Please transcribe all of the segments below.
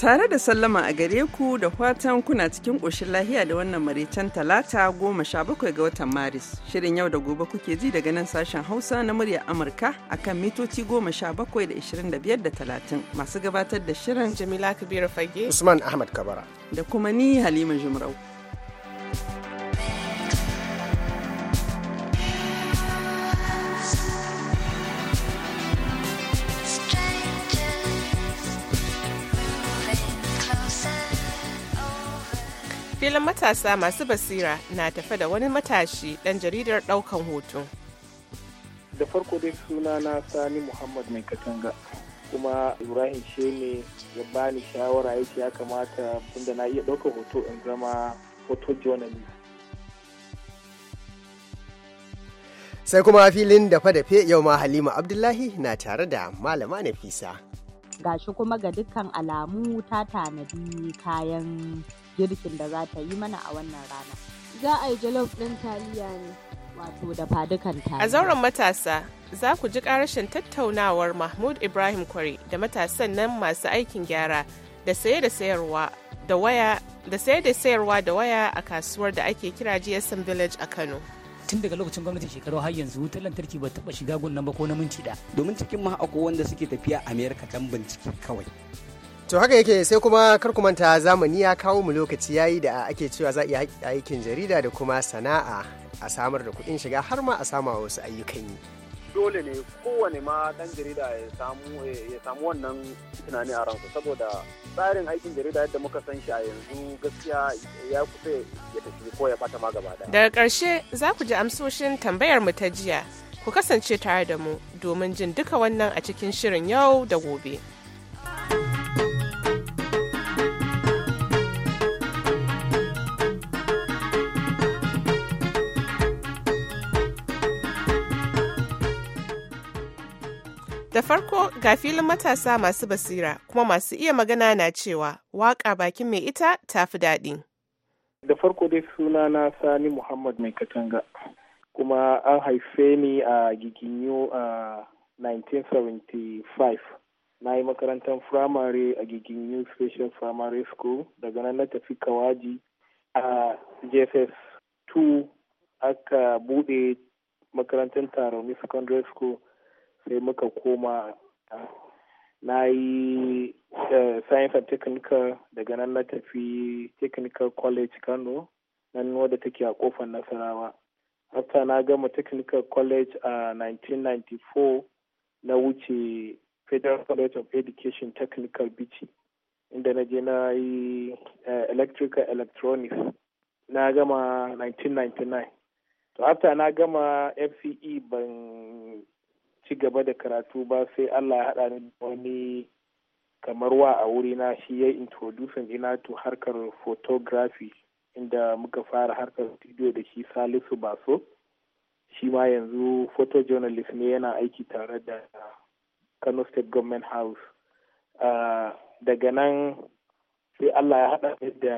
Tare da sallama a gare ku da fatan kuna cikin ƙoshin lahiya da wannan maraicen talata goma sha bakwai ga watan Maris. Shirin yau da gobe kuke ji daga nan sashen Hausa na murya Amurka akan mitoci goma sha bakwai da ishirin da biyar da talatin masu gabatar da shirin Jamila Kabiru Fage. Usman Ahmad Kabara. Da kuma ni Halima Jumrau. Filin matasa masu basira na tafe da wani matashi dan jaridar daukan hoto. Da farko dai suna na Sani Muhammad mai katanga. kuma ibrahim ne ya bani shawara yake ya kamata tunda na iya daukan hoto in zama hoto journalist sai kuma filin da fadafe yau ma halima abdullahi na tare da malama nafisa gashi kuma ga dukkan alamu ta tanadi kayan girkin da za ta yi mana a wannan rana. Za a yi jalof ɗin taliya ne. Wato da fadukan taliya. A zauren matasa za ku ji ƙarashin tattaunawar Mahmud Ibrahim Kwari da matasan nan masu aikin gyara da saye da sayarwa da waya da saye da sayarwa da waya a kasuwar da ake kira GSM Village a Kano. tun daga lokacin gwamnatin shekaru har yanzu wutar lantarki ba taɓa shiga gunnan ba ko na minti da domin cikin ma akwai wanda suke tafiya amerika dan bincike kawai to haka yake sai kuma kar ku manta zamani ya kawo mu lokaci yayi da ake cewa za a yi aikin jarida da kuma sana'a a samar da kuɗin shiga har ma a sama wasu ayyukan yi dole ne kowane ma dan jarida ya samu eh, ya samu wannan tunani a ransu saboda tsarin aikin jarida yadda muka san shi a yanzu gaskiya ya kusa ya tafi ko ya fata ma gaba daya daga ƙarshe za ku ji amsoshin tambayar mu ta jiya ku kasance tare da mu domin jin duka wannan a cikin shirin yau da gobe. farko ga filin matasa masu basira kuma masu iya magana na cewa waƙa bakin mai ita ta fi daɗi. Da farko dai suna na Sani Muhammad mai katanga kuma an haife ni a Giginyo a 1975. Na yi makarantar firamare a Giginyo Special Primary School daga nan na tafi Kawaji a JSS 2 aka buɗe makarantar Taroni Secondary School sai muka koma na yi eh, science and technical daga nan na tafi technical college kano nan wadda take a kofar nasarawa after na gama technical college a 1994 na wuce federal college of education technical bichi inda na je na yi eh, electrical electronics na gama 1999 to after na gama fce ban ci gaba da karatu ba sai Allah ya haɗa ni wani kamar wa a wuri na shi ya introdusan ina to harkar photography inda muka fara harkar studio da shi Salisu Baso shi ma yanzu photojournalist ne yana aiki tare da Kano State Government House daga nan sai Allah ya haɗa da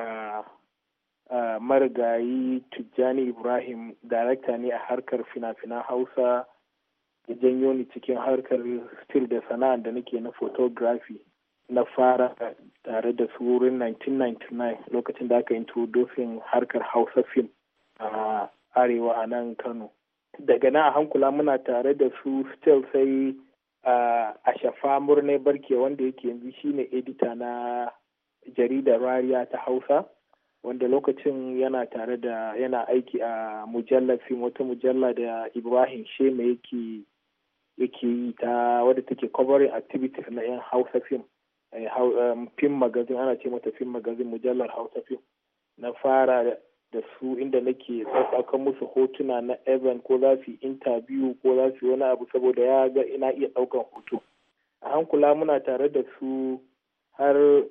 marigayi Tijjani Ibrahim darakta ne a harkar fina-finan Hausa ya janyo ni cikin harkar still da sana'a da nake na photography na fara tare da su wurin 1999 lokacin da aka introducing harkar hausa film a arewa a nan kano daga nan a hankula muna tare da su still sai a shafa murnai barke wanda yake yanzu shine edita na jaridar rariya ta hausa wanda lokacin yana tare da yana aiki a mujallar fim wata mujalla da ibrahim shema yake yake yi ta wadda take covering activities na 'yan hausa film eh, um, film magazine ana ce mata film magazine mujallar hausa film na fara da su inda nake tsakakan musu hotuna na event ko za su interview ko za su wani abu saboda ya ga ina iya daukan hoto a hankula muna tare da su har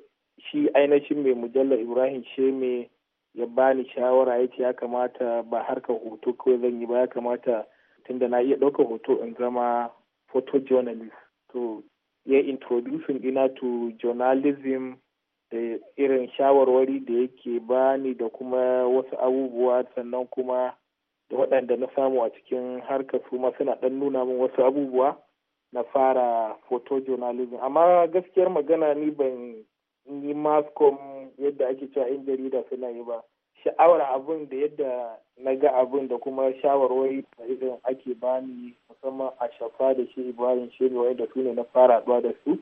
shi ainihin mai mujallar ibrahim sheme ya bani shawara ya ce ya kamata ba harkar hoto kawai zan yi ba ya kamata tunda na iya ɗaukar hoto in zama photojournalist to ya introducing ina to journalism da irin shawarwari da yake bani da kuma wasu abubuwa sannan kuma da waɗanda na samu a cikin harkar su suna ɗan nuna min wasu abubuwa na fara photojournalism amma gaskiyar magana ni ban yi mascom yadda ake cewa 'yan jarida suna yi ba sha'awar abun da yadda na ga abun da kuma shawarwari da irin ake bani musamman a shafa da shi ibrahim shehu da su ne na fara haɗuwa da su.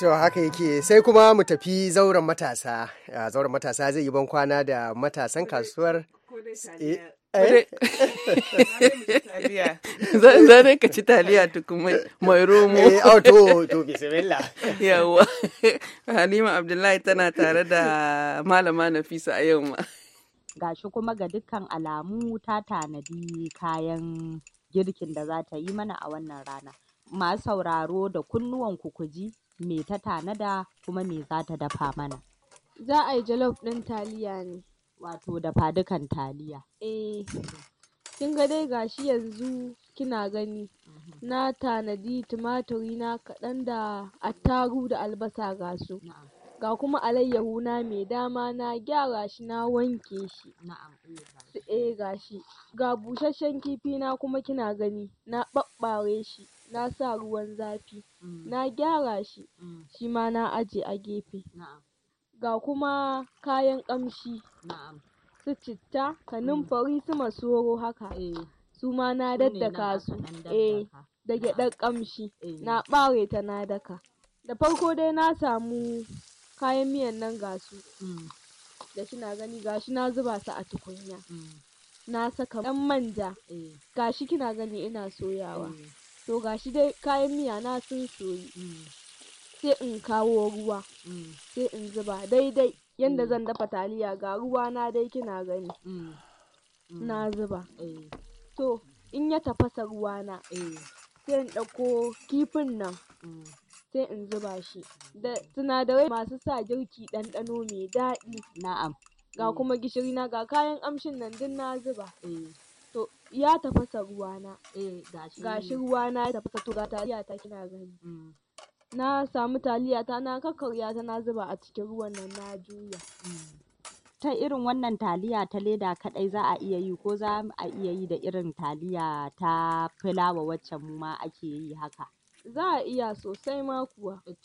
To haka yake sai kuma mu tafi zauren matasa. Ah, zauren matasa zai yi ban kwana da matasan kasuwar. Eh? Zane ka ci taliya tukun mai romo. Eh, oh, to, to, bismillah. Yawwa. Halima Abdullahi tana tare da malama Nafisa a yau ma. Gashi kuma ga dukkan alamu ta tanadi kayan girkin da za ta yi mana a wannan rana. Masu sauraro da kunnuwan ku ji me ta tanada kuma me za ta dafa mana. Za a yi jalof ɗin taliya ne. Wato dafadukan taliya. Eh, kin ga dai gashi yanzu kina gani mhm. na tanadi tumaturi na kaɗan da attarugu da albasa ga su. Ga kuma alayyahu na mai dama na gyara shi na wanke shi. Eh gashi. Eh, ga busasshen kifi na kuma kina gani na ɓaɓɓare shi. na sa ruwan zafi mm. na gyara shi mm. Shi ma na aje a gefe ga kuma kayan ƙamshi su citta kanunfari mm. su masoro haka eh. Su ma na daddaka su eh da gyaɗar ƙamshi eh. na ɓare ta na daka da farko dai na samu kayan miyan nan ga su da shi na gani ga shi na zuba su a tukunya na saka ɗan manja eh. ga shi kina gani ina soyawa to gashi dai kayan miya na sun soyu mm. sai in kawo ruwa mm. sai in zuba daidai yadda mm. zan dafa taliya ga ruwa na dai kina gani na zuba eh. to in ya tafasa ruwa na eh. sai in ɗauko kifin nan sai in zuba shi da sinadarai masu sa girki ɗanɗano mai daɗi na'am ga kuma gishiri na ga kayan amshin nan duk na zuba eh. to ya tafasa ruwa na eh gashi ruwa na ya tafasa to ga taliya ta kina gani mm. na samu taliya ta na kakkarya ta na zuba a cikin ruwan nan na juya mm. ta irin wannan taliya ta leda kaɗai za a iya yi ko za a iya yi da irin taliya ta fulawa wacce mu ma ake yi haka za a iya sosai ma kuwa eh,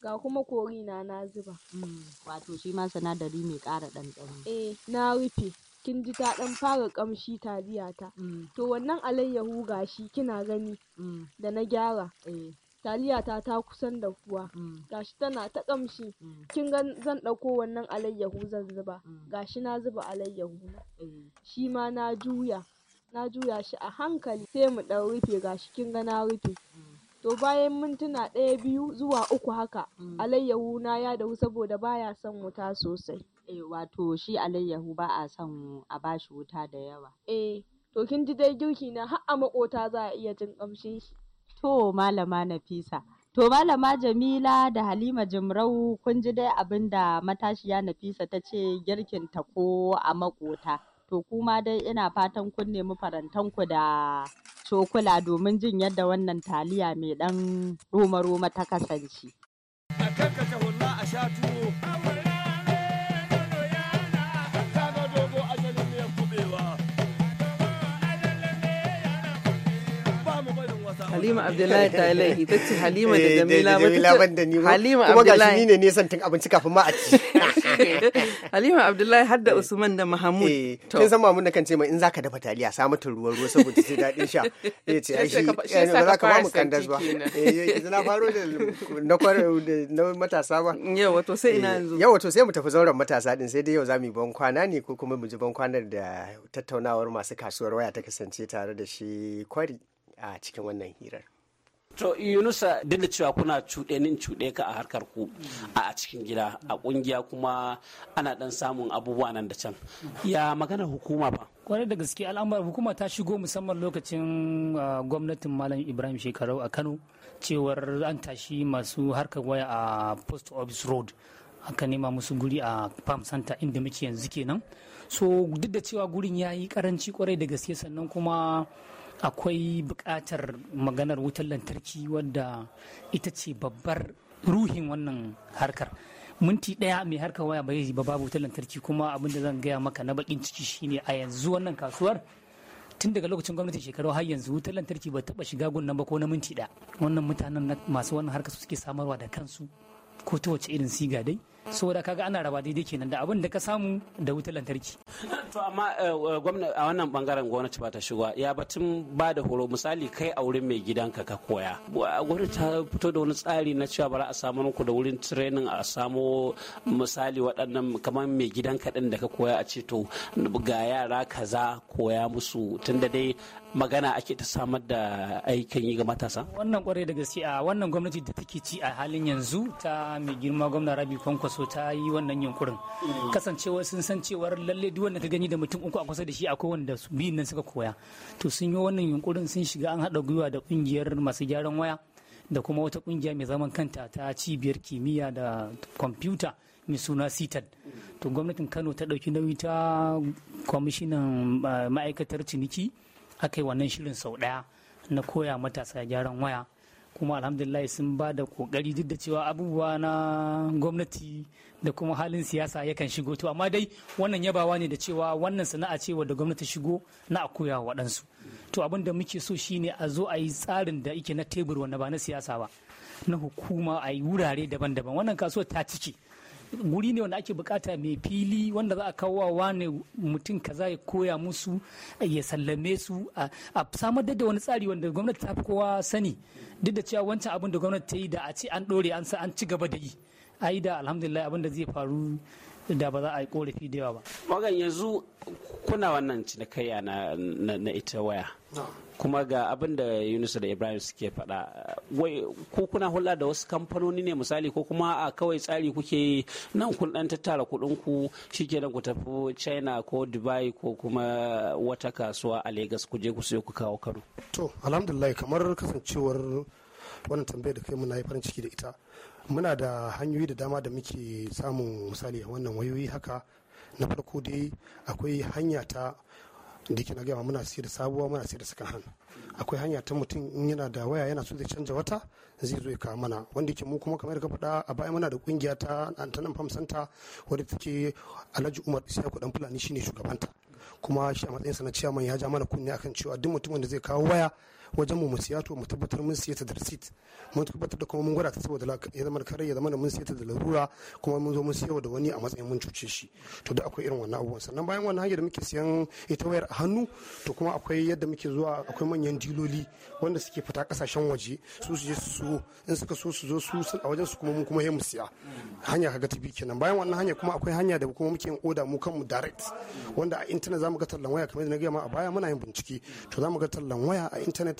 ga kuma kori na na zuba mm. wato shi ma sinadari mai ƙara ɗanɗano eh na rufe kin ji ta dan fara kamshi taliya ta mm. to wannan alayyahu gashi kina gani mm. da na gyara eh. taliya ta ta kusan dafuwa mm. gashi tana ta kamshi kin ga zan dauko wannan alayyahu zan zuba gashi na zuba alayyahu eh. shi ma na juya na juya shi a hankali sai mu dan rufe gashi kin ga na rufe to bayan mintuna ɗaya biyu zuwa uku haka alayyahu na ya dahu saboda baya son wuta sosai Eh, wato shi alayyahu ba a son a ba shi wuta da yawa eh to kin ji dai girki na har a makota za a iya jin kamshin shi to malama nafisa To Malama Jamila da Halima Jimrau kun ji dai abin da matashiya Nafisa ta ce girkin ta ko a makota. To kuma dai ina fatan kun nemi farantanku da cokula domin jin yadda wannan taliya mai ɗan roma-roma ta kasance. Halima Abdullahi ta laihi ta ce Halima da eh, Jamila ba ta Halima Abdullahi kuma gashi ne nisan tun abinci kafin ma a ci Halima Abdullahi har da eh. Usman da Mahamud eh, kin san mamun na kan ce mai in zaka dafa taliya sa mata ruwan ruwa saboda sai dadin sha ya ce ai shi ba za ka ba mu kandas ba na faro da na matasa ba yau wato sai ina yanzu yau wato sai mu tafi zauren matasa din sai dai yau za mu yi ban kwana ne ko kuma mu ji ban kwanar da tattaunawar masu kasuwar waya ta kasance tare da shi kwari a cikin wannan hirar. To Yunusa duk da cewa kuna cuɗenin cuɗe ka a harkar ku a cikin gida a ƙungiya kuma ana ɗan samun abubuwa nan da can. Ya magana hukuma ba? Kwarai da gaske al'amuran hukuma ta shigo musamman lokacin gwamnatin Malam Ibrahim Shekarau a Kano cewar an tashi masu harkar waya a Post Office Road. aka nema musu guri a farm center inda muke yanzu kenan so duk da cewa gurin ya yi karanci kwarai da gaske sannan kuma akwai buƙatar maganar wutar lantarki wadda ita ce babbar ruhin wannan harkar minti ɗaya mai harkar waya ba yi ba babu wutar lantarki kuma abin da zan gaya maka na bakin ciki shine a yanzu wannan kasuwar tun daga lokacin gwamnatin shekaru har yanzu wutar lantarki ba taɓa shiga gunnan ba ko na minti ɗaya wannan mutanen masu wannan harkar su suke samarwa da kansu ko ta wace irin siga dai saboda kaga ana raba daidai kenan da abin da ka samu da wutar lantarki to amma eh, gwamna a wannan bangaren gwamnati ba ta shigo ya batun ba da horo misali kai a wurin mai gidanka ka koya gwamnati ta fito da wani tsari na cewa bara a samu ku da wurin training a samo misali waɗannan kamar mai gidanka ɗin da ka koya a ce to ga yara kaza koya musu tunda dai magana ake ta samar da aikin yi ga matasa? Wannan kwarai da gaske a wannan gwamnati da take ci a halin yanzu ta mai girma gwamna Rabi Kwankwaso ta yi wannan yunkurin. Mm. Kasancewa sun san cewar lalle duk wanda ka gani da mutum uku a kusa da shi akwai wanda su biyun nan suka koya. To sun yi wannan yunkurin sun shiga an haɗa gwiwa da ƙungiyar masu gyaran waya da kuma wata ƙungiya mai zaman kanta ta cibiyar kimiyya da kwamfuta. mai suna sitan mm. to gwamnatin kano ta ɗauki nauyi ta kwamishinan eh, ma'aikatar ciniki aka yi wannan shirin sau ɗaya na koya matasa gyaran waya kuma alhamdulillah sun ba da kokari duk da cewa abubuwa na gwamnati da kuma halin siyasa yakan shigo to amma dai wannan yabawa ne da cewa wannan sana'a ce da gwamnati shigo na a koya wa waɗansu to abin da muke so shine a zo a yi tsarin da ike na tebur wanda ba na siyasa ba na hukuma a yi wurare daban-daban wannan kasuwar ta ciki guri ne wanda ake bukata mai fili wanda za a kawo wa wane mutum kaza ya koya musu ya sallame su a samar da wani tsari wanda gwamnati ta fi kowa sani duk da cewa wancan abin da gwamnati ta yi da a ce an dore an ci gaba da yi a yi da alhamdulillah abin da zai faru da ba za a yi korafi da yawa ba magan yanzu kuna wannan cinikayya na, ita waya kuma ga abin da yunusa da ibrahim suke faɗa wai ko kuna hula da wasu kamfanoni ne misali ko kuma a kawai tsari kuke nan kun dan tattara kuɗin ku shikenan ku tafi china ko dubai ko kuma wata kasuwa a lagos ku je ku sayo ku kawo kano to alhamdulillah kamar kasancewar wannan tambayar da kai muna yi farin ciki da ita muna da hanyoyi da dama da muke samun misali a wannan wayoyi haka na farko dai akwai hanya ta da ke na gama muna siyar sabuwa muna siyar sakan hannu akwai hanya ta mutum in yana da waya yana so zai canja wata zai zo ya kawo mana wanda yake mu kuma kamar ka faɗa a baya muna da kungiya ta nan famsanta wadda take alhaji umar isa dan fulani shine shugabanta kuma shi a matsayinsa na ciyaman ya ja mana kunne akan cewa duk mutumin da zai kawo waya wajen mu mu siya to mu tabbatar mun siya ta da receipt mun tabbatar da kuma mun gwada ta saboda ya zama kare ya zama da mun siya ta da larura kuma mun zo mun siya da wani a matsayin mun cuce shi to da akwai irin wannan abubuwan sannan bayan wannan hanyar da muke siyan ita wayar a hannu to kuma akwai yadda muke zuwa akwai manyan diloli wanda suke fita kasashen waje su su je su in suka so su zo su a wajen su kuma mun kuma mu siya hanya kaga ta bi kenan bayan wannan hanya kuma akwai hanya da kuma muke yin oda mu kanmu direct wanda a internet zamu ga tallan waya kamar yadda na gaya ma a baya muna yin bincike to zamu ga tallan waya a internet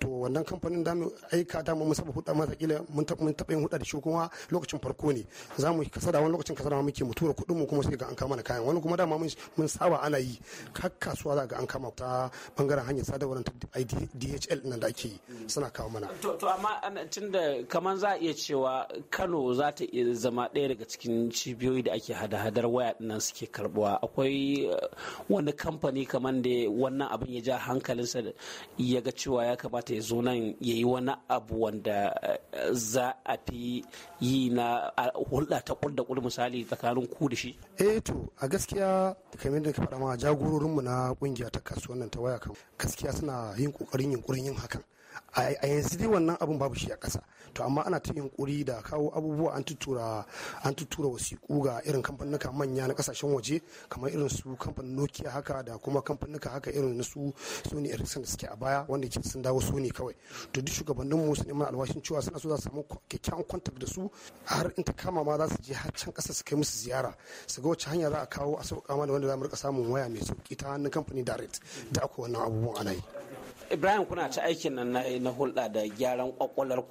to wannan kamfanin da mu aika da mu saba huda masa kila mun taɓa mun yin huda da shi kuma lokacin farko ne za mu kasada wani lokacin kasada muke mu tura kuɗin mu kuma sai ga an kama na kayan wani kuma dama mun saba ana yi har kasuwa za ga an kama ta bangaren hanyar sadarwar ta DHL nan da ake yi suna kawo mana to amma tunda kaman za a iya cewa Kano za ta zama ɗaya daga cikin cibiyoyi da ake hada-hadar waya nan suke karbuwa akwai eh, wani kamfani kaman da wannan abin ya ja hankalinsa ya ga cewa ya kamata kamata ya zo nan ya yi wani abu wanda eh, za a fi yi na hulɗa ta ƙul da ƙul misali tsakanin ku da shi? eh to a gaskiya kamar da ka faɗa ma jagororinmu na ƙungiya ta kasuwannin ta waya kan gaskiya suna yin ƙoƙarin yunƙurin yin hakan a yanzu dai wannan abin babu shi a ƙasa to amma ana ta yunkuri da kawo abubuwa an tuttura an tuttura wasiƙu ga irin kamfanuka manya na ƙasashen waje kamar irin su kamfanin Nokia haka da kuma kamfanuka haka irin na su Sony Ericsson da suke a baya wanda ke sun dawo Sony kawai to duk shugabannin mu su neman alwashin cewa suna so za su samu kyakkyawan contact da su har in ta kama ma za su je har can ƙasa su kai musu ziyara su ga wacce hanya za a kawo a sauƙa mana wanda za mu rika samun waya mai sauƙi ta hannun kamfani direct da akwai wannan abubuwan ana yi ibrahim kuna ci aikin nan na hulɗa da gyaran kwakwalar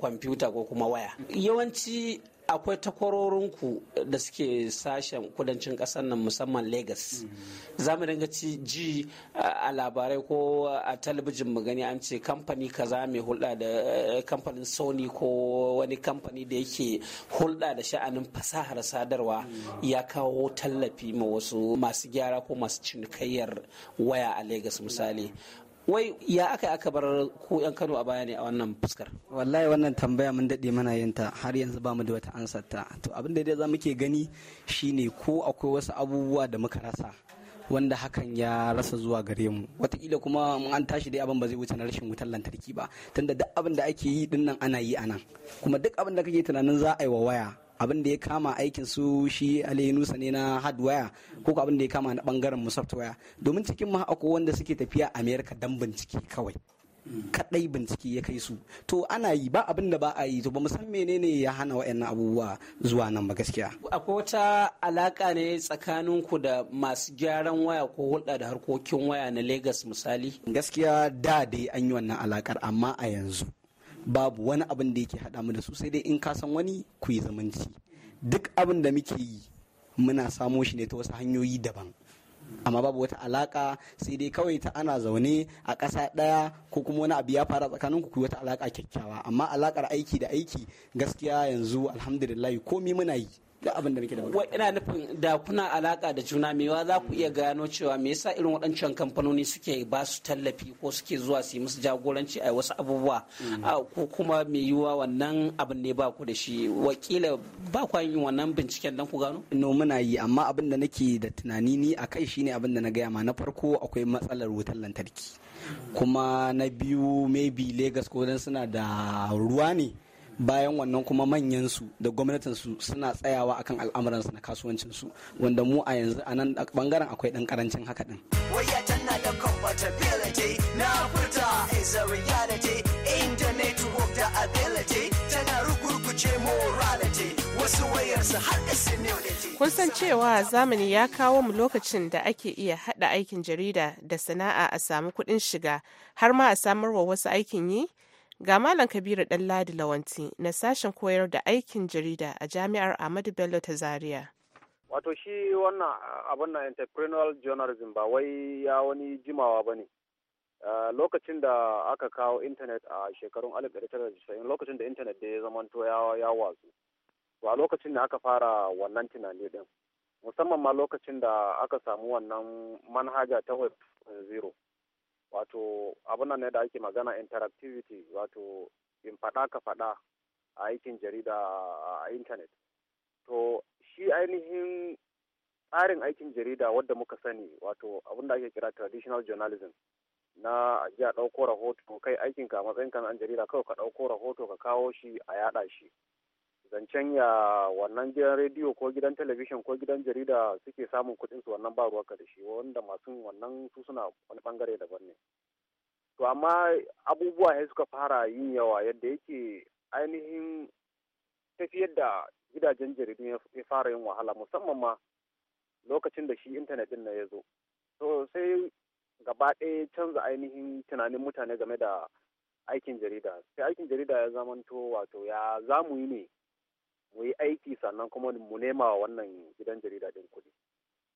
kwamfuta ko kuma waya yawanci akwai takwarorinku da suke sashen kudancin ƙasar nan musamman Legas. Mm-hmm. za mu dinga ci ji a labarai ko a talabijin mu gani an ce kamfani kaza mai hulɗa da eh, kamfanin sony ko wani kamfani da yake hulɗa da sha'anin fasahar sadarwa mm-hmm. ya kawo tallafi ma wasu masu gyara ko masu cinikayyar waya a Legas misali wai ya aka aka bar ko yan Kano a baya ne a wannan fuskar wallahi wannan tambaya mun daɗe mana yin ta har yanzu ba mu da wata ansar ta to abin da dai za muke gani shine ko akwai wasu abubuwa da muka rasa wanda hakan ya rasa zuwa gare mu watakila kuma an tashi dai abin ba zai wuce na rashin wutar lantarki ba tunda duk abin da ake yi dinnan ana yi anan kuma duk abin da kake tunanin za a yi wa waya abin da ya kama aikin su shi Ali Nusa ne na hardware ko abin da ya kama na bangaren mu software domin cikin mu akwai wanda suke tafiya America dan bincike kawai kadai bincike ya kai su to ana yi ba abin da ba a yi to ba san menene ya hana wayannan abubuwa zuwa nan ba gaskiya akwai wata alaka ne tsakanin ku da masu gyaran waya ko hulɗa da harkokin waya na Lagos misali gaskiya da dai an yi wannan alakar amma a yanzu babu wani abin da yake haɗa mu da su sai dai in ka san wani ku yi zamanci duk abin da muke yi muna samo shi ne ta wasu hanyoyi daban amma babu wata alaka sai dai kawai ta ana zaune a ƙasa ɗaya ko kuma wani abu ya fara tsakanin ku wata alaka kyakkyawa amma alakar aiki da aiki gaskiya yanzu alhamdulillah komi muna yi duk abin da muke da ina nufin da kuna alaka da juna mewa za ku iya gano cewa me yasa irin waɗancan kamfanoni suke ba su tallafi ko suke zuwa su yi musu jagoranci a wasu abubuwa mm. ko kuma me yiwa wannan abin ne ba ku da shi wakila ba ku yin wannan binciken dan ku gano no muna yi amma abin da nake da tunani ni a kai shine abin da na gaya ma na farko akwai matsalar wutar lantarki kuma na biyu maybe Legas ko suna da ruwa ne bayan wannan kuma manyan su da gwamnatin su suna tsayawa akan al'amuran su na kasuwancin su wanda mu a yanzu a nan bangaren akwai ɗan karancin haka din da na furta a tana wasu kun san cewa zamani ya kawo mu lokacin da ake iya hada aikin jarida da sana'a a samu kuɗin shiga har ma a samarwa wasu aikin yi Ga Malam Kabiru Ɗanladi Lawanti na sashen koyar da aikin jarida a Jami'ar Ahmadu Bello ta Zaria. Wato shi wannan abin na entrepreneurial journalism ba wai ya wani jimawa ba ne. lokacin da aka kawo intanet a shekarun 1990 lokacin da intanet da ya zamanto ya watsu ba lokacin da aka fara wannan tunani din musamman ma lokacin da aka samu wannan manhaja ta web zero wato abin ne da ake magana interactivity wato in faɗa ka faɗa a aikin jarida a intanet to shi ainihin tsarin aikin jarida wadda muka sani wato abin da ake kira traditional journalism na ji a ɗauko rahoto kai aikinka a matsayin ka na jarida kawai ka ɗauko rahoto ka kawo shi a yaɗa shi zancen ya wannan gidan rediyo ko gidan talabijin ko gidan jarida suke samun kuɗin su wannan ba ka da shi wanda masu wannan su suna wani bangare daban ne to amma abubuwa ya suka fara yin yawa yadda yake ainihin tafiyar da gidajen jaridu ya fara yin wahala musamman ma lokacin da shi intanet din na ya zo to sai gaba ɗaya canza ainihin tunanin mutane game da aikin jarida sai aikin jarida ya zamanto wato ya zamu yi ne mu yi aiki sannan kuma mu nema wa wannan gidan jarida din kuɗi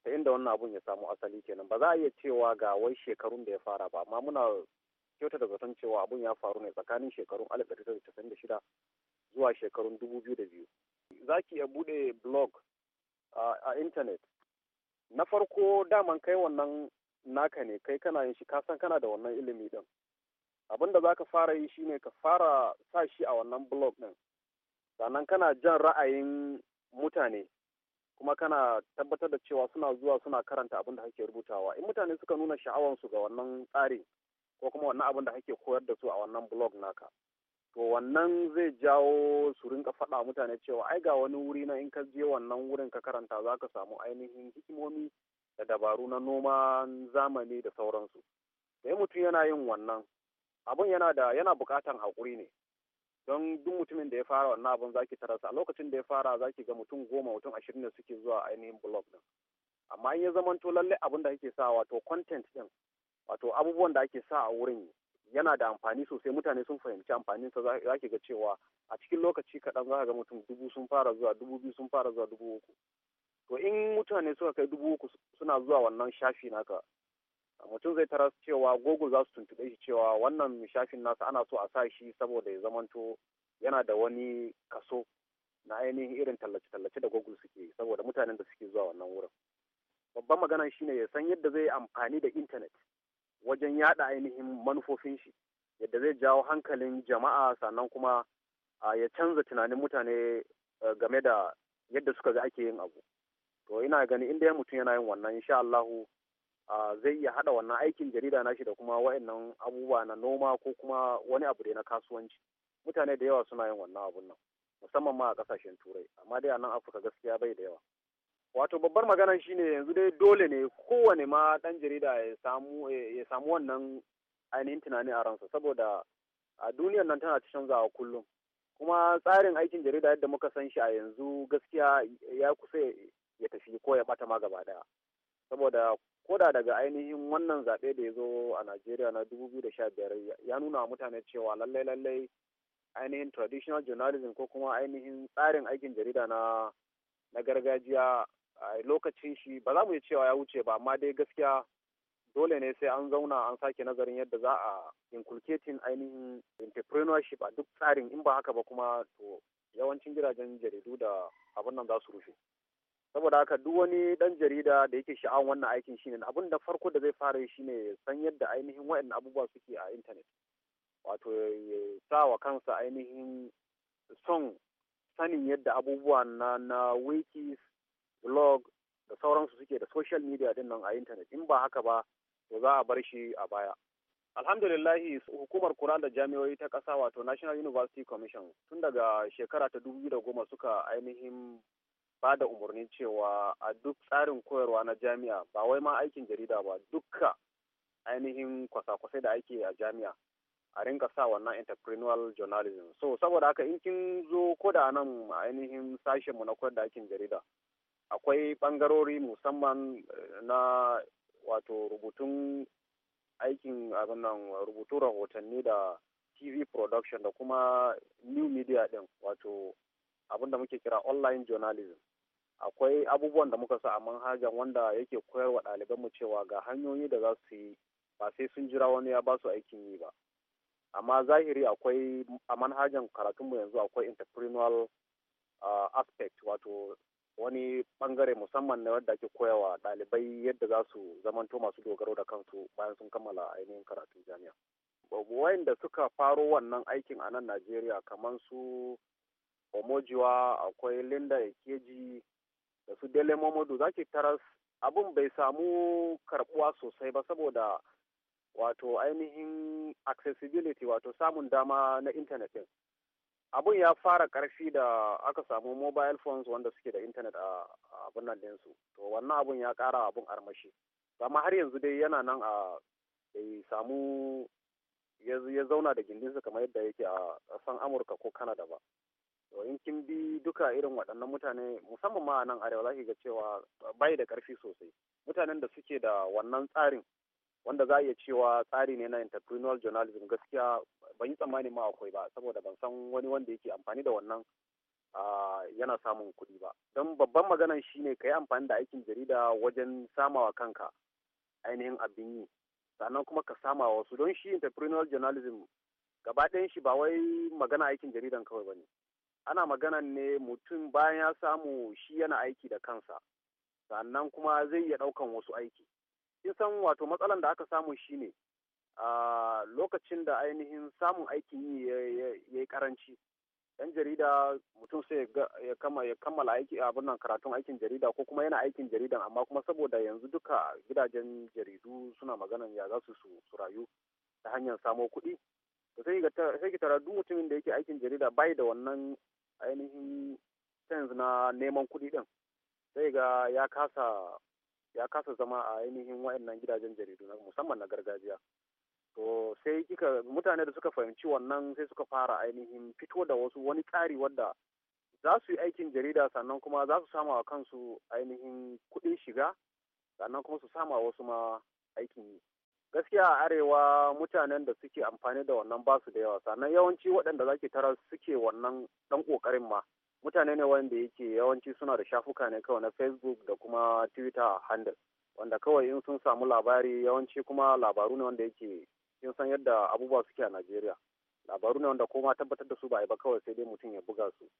ta inda wannan abun ya samu asali kenan ba za a iya cewa ga wai shekarun da ya fara ba amma muna kyauta da zaton cewa abun ya faru ne tsakanin shekarun alif da shida zuwa shekarun dubu biyu da biyu. za ki iya buɗe blog a intanet na farko daman kai wannan naka ne kai kana yin shi ka san kana da wannan ilimi ɗin abin da za ka fara yi shine ka fara sa shi a wannan blog ɗin. sannan kana jan ra'ayin mutane kuma kana tabbatar da cewa suna zuwa suna karanta abin da kake rubutawa in mutane suka nuna sha'awansu ga wannan tsari ko kuma wannan abin da kake koyar da su a wannan blog naka to wannan zai jawo su rinka faɗa mutane cewa ai ga wani wuri na in ka je wannan wurin ka karanta za ka samu ainihin hikimomi da dabaru na noman zamani da sauransu sai mutum yana yin wannan abin yana da yana bukatan haƙuri ne don duk mutumin da ya fara wannan abin zaki tarasa a lokacin da ya fara zaki ga mutum goma mutum ashirin ne suke zuwa ainihin blog din amma in ya zamanto lalle abin da ake sa wato content din wato abubuwan da ake sa a wurin yana da amfani sosai mutane sun fahimci amfanin sa za ga cewa a cikin lokaci kaɗan za ga mutum dubu sun fara zuwa dubu biyu sun fara zuwa dubu uku to in mutane suka kai dubu uku suna zuwa wannan shafi naka mutum zai taras cewa google za su tuntube shi cewa wannan shafin nasa ana so a sa shi saboda ya zamanto yana da wani kaso na ainihin irin tallace-tallace da google suke saboda mutanen da suke zuwa wannan wurin babban shi shine ya san yadda zai amfani da intanet wajen yada ainihin manufofin shi yadda zai jawo hankalin jama'a sannan kuma ya canza tunanin mutane game da yadda suka ga ake yin abu to ina gani inda ya mutum yana yin wannan insha Allahu zai iya haɗa wannan aikin jarida nashi da kuma wa'annan abubuwa na noma ko kuma wani abu da na kasuwanci mutane da yawa suna yin wannan abun nan musamman ma a kasashen turai amma dai a nan afirka gaskiya bai da yawa wato babbar maganar shine yanzu dai dole ne kowane ma ɗan jarida ya samu wannan ainihin tunani a ransa saboda a duniyar nan tana zawa kullum kuma tsarin aikin jarida yadda muka san shi a yanzu gaskiya ya kusa ya tafi ko ya bata ma gaba daya saboda koda daga ainihin wannan zaɓe da ya zo a najeriya na 2015 ya nuna mutane cewa lallai lallai ainihin traditional journalism ko kuma ainihin tsarin aikin jarida na na gargajiya a lokacin shi ba za mu yi cewa ya wuce ba amma dai gaskiya dole ne sai an zauna an sake nazarin yadda za a inculcating ainihin entrepreneurship a duk tsarin in ba haka ba kuma to yawancin gidajen jaridu da abin nan za su rushe. saboda haka duk wani dan jarida da yake sha'awan wannan aikin shine abin da farko da zai fara shine san yadda ainihin waɗannan abubuwa suke a intanet wato ya sa wa kansa ainihin son sanin yadda abubuwa na na wikis blog da sauransu suke da social media din nan a intanet in ba haka ba to za a bar shi a baya alhamdulillah hukumar kula da jami'o'i ta kasa wato national university commission tun daga shekara ta dubu da goma suka ainihin ba da umarnin cewa a duk tsarin koyarwa na jami'a ba wai ma aikin jarida ba dukka ainihin kwasa-kwasai da ake a jami'a a rinka sa wannan entrepreneurial journalism so saboda haka in kin zo ko da nan ainihin sashen mu na koyar da aikin jarida akwai bangarori musamman eh, na wato rubutun aikin abin nan rubutun rahotanni da tv production da kuma new media din wato abin da muke kira online journalism akwai abubuwan da muka sa a manhajan wanda yake koyarwa ɗalibanmu cewa ga hanyoyi da za su yi ba sai sun jira wani ya ba su aikin yi ba amma zahiri akwai a manhajan karatunmu yanzu akwai entrepreneurial uh, aspect wato wani bangare musamman na wadda ake koyawa ɗalibai yadda za su zamanto masu dogaro da kansu bayan sun kammala ainihin karatun jami'a. wayan da suka faro wannan aikin a nan najeriya kamar su omojiwa akwai linda ekeji da su Dele Momodu za ki taras abun bai samu karbuwa sosai ba saboda wato ainihin accessibility wato samun dama na intanet din abun ya fara karfi da aka samu mobile phones wanda suke da intanet a abun nan to wannan abun ya kara abun armashi amma har yanzu dai yana nan a bai samu ya zauna da gindinsa kamar yadda yake a ƙasan amurka ko kanada ba in kin bi duka irin waɗannan mutane musamman ma a nan arewa za ga cewa bai da ƙarfi sosai mutanen da suke da wannan tsarin wanda za a iya cewa tsari ne na entrepreneurial journalism gaskiya ban yi tsammani ma akwai ba saboda ban san wani wanda yake amfani da wannan yana samun kuɗi ba don babban maganan shine ka yi amfani da aikin jarida wajen samawa kanka ainihin abin yi sannan kuma ka sama wasu don shi entrepreneurial journalism gaba ɗayan shi ba wai magana aikin jaridan kawai ba ne ana maganan ne mutum bayan ya samu shi yana aiki da kansa sannan kuma zai iya ɗaukan wasu aiki kin san wato matsalan da aka samu shi a lokacin da ainihin samun aiki yi ya yi karanci yan jarida mutum sai ya kammala aiki abin nan karatun aikin jarida ko kuma yana aikin jarida amma kuma saboda yanzu duka gidajen jaridu suna maganan ya za su su rayu ta hanyar samo kuɗi sai ki tara duk mutumin da yake aikin jarida bai da wannan ainihin sense na neman kuɗi din sai ga ya kasa ya kasa zama a ainihin wa'annan gidajen jaridu musamman na gargajiya to sai kika mutane da suka fahimci wannan sai suka fara ainihin fito da wasu wani tsari wadda za su yi aikin jarida sannan kuma za su sama wa kansu ainihin kuɗin shiga sannan kuma su sama wasu ma aikin yi gaskiya a arewa mutanen da suke amfani da wannan basu da yawa sannan yawanci waɗanda zaki tara suke wannan ɗan ƙoƙarin ma mutane ne wanda yake yawanci suna da shafuka ne kawai na facebook da kuma twitter handle wanda kawai in sun samu labari yawanci kuma labaru ne wanda yake kin san yadda abubuwa suke a najeriya labaru ne wanda koma tabbatar da su ba ba kawai sai dai mutum ya buga su.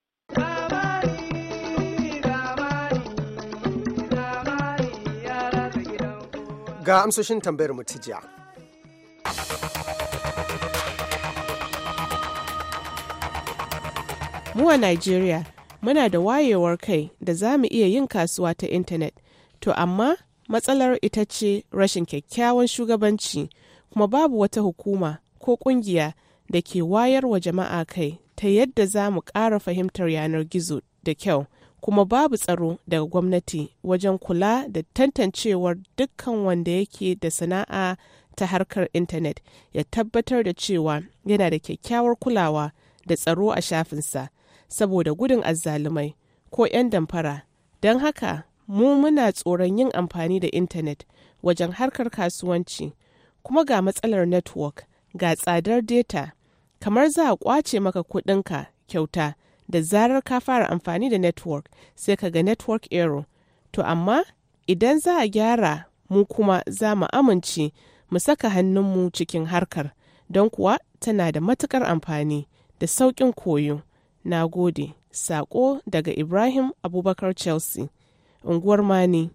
Ga amsoshin tambayar mu jiya. Mu a Najeriya muna da wayewar kai da za mu iya yin kasuwa ta intanet, to amma matsalar ita ce rashin kyakkyawan shugabanci kuma babu wata hukuma ko kungiya da ke wayar wa jama'a kai ta yadda za mu ƙara fahimtar yanar gizo da kyau kuma babu tsaro daga gwamnati wajen kula da tantancewar dukkan wanda yake da sana'a ta harkar intanet ya tabbatar da cewa yana da kyakkyawar kulawa da tsaro a shafinsa saboda gudun azzalumai ko 'yan damfara don haka mu muna tsoron yin amfani da intanet wajen harkar kasuwanci kuma ga matsalar network ga tsadar data kamar za a kwace maka kudinka kyauta da zarar ka fara amfani da network sai ka ga network error. To amma idan za a gyara mu kuma za mu amince mu saka hannunmu cikin harkar don kuwa tana da matukar amfani da sauƙin koyo. Na gode, saƙo daga Ibrahim Abubakar Chelsea, unguwar Mani,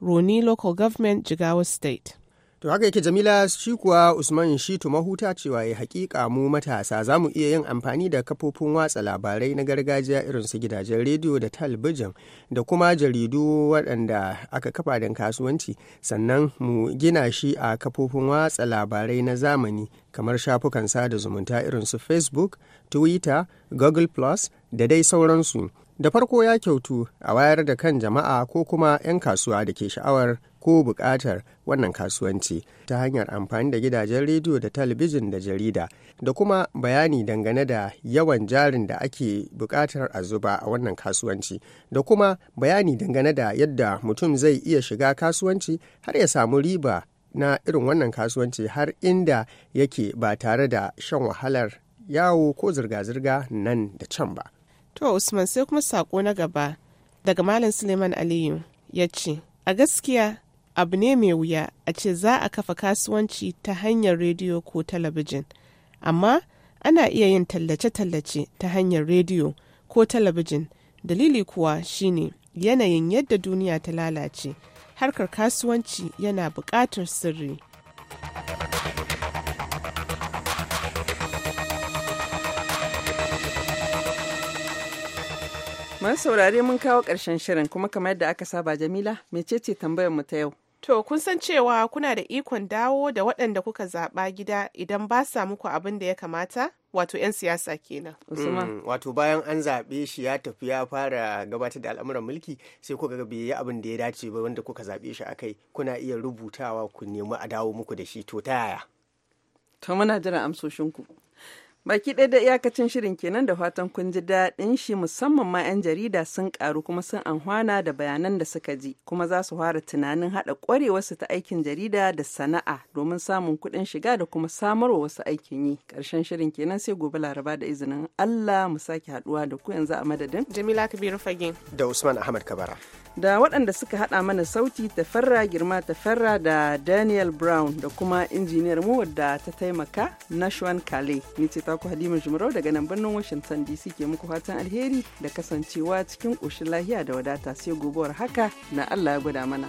Roni Local Government Jigawa State. To haka yake Jamila shi kuwa Usman Shitu mahuta cewa ya hakika mu matasa za mu iya yin amfani da kafofin watsa labarai na gargajiya irin su gidajen rediyo da talbijin da kuma jaridu waɗanda aka kafa don kasuwanci sannan mu gina shi a kafofin watsa labarai na zamani kamar shafukan sada zumunta irin su Facebook, Twitter, Google Plus da dai sauransu da farko ya kyautu a wayar da kan jama'a ko kuma 'yan kasuwa da ke sha'awar ko buƙatar wannan kasuwanci ta hanyar amfani da gidajen rediyo da talabijin da jarida da kuma bayani dangane da yawan jarin da ake buƙatar a zuba a wannan kasuwanci da kuma bayani dangane da yadda mutum zai iya shiga kasuwanci har ya samu riba na irin wannan kasuwanci har inda yake ba tare da shan wahalar yawo ko zirga-zirga nan da can ba. To Usman sai kuma sako na gaba daga Malam Suleiman Aliyu ya ce, A gaskiya abu ne mai wuya a ce za a kafa kasuwanci ta hanyar rediyo ko talabijin, amma ana iya yin tallace-tallace ta hanyar rediyo ko talabijin dalili kuwa shine yanayin yadda duniya ta lalace harkar kasuwanci yana buƙatar sirri. Man saurare mun kawo karshen shirin kuma kamar yadda aka saba Jamila, mecece tambayar mu ta yau? To, kun san cewa kuna da ikon dawo da waɗanda kuka zaɓa gida idan ba sa muku abin da ya kamata? Wato 'yan siyasa kenan. Usman. Mm, wato bayan an zaɓe shi ya tafi ya fara gabatar da al'amuran mulki sai kuka ga bai yi abin da ya dace ba wanda kuka zaɓe shi akai kuna iya rubutawa ku nemi a dawo muku da shi to ta yaya? To muna jiran amsoshinku. Baki ɗaya da iyakacin shirin kenan da fatan kun ji daɗin shi musamman ma 'yan jarida sun ƙaru kuma sun anhwana da bayanan da suka ji kuma za su fara tunanin haɗa ƙwarewarsu ta aikin jarida da sana'a domin samun kuɗin shiga da kuma samarwa wasu aikin yi. Ƙarshen shirin kenan sai gobe laraba da izinin Allah mu sake haɗuwa da ku yanzu a madadin. Jamila Kabiru Fage. Da Usman Ahmad Kabara. Da waɗanda suka haɗa mana sauti tafarra girma tafarra da Daniel Brown da kuma injiniyar mu wadda ta taimaka Nashwan Kale. Ni ce ta ku Halima Jumarau daga nan birnin Washington DC ke muku fatan alheri da kasancewa cikin ƙoshin lahiya da wadata sai gobawar haka na Allah ya gwada mana.